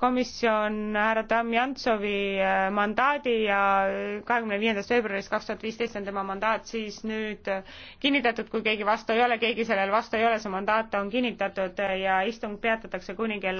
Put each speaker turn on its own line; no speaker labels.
komisjon härra Damjantsovi äh, mandaadi ja kahekümne viiendast veebruarist kaks tuhat viisteist on tema mandaat siis nüüd äh, kinnitatud, kui keegi vastu ei ole, keegi sellele vastu ei ole, see mandaat on kinnitatud äh, ja istung peatatakse kuni kella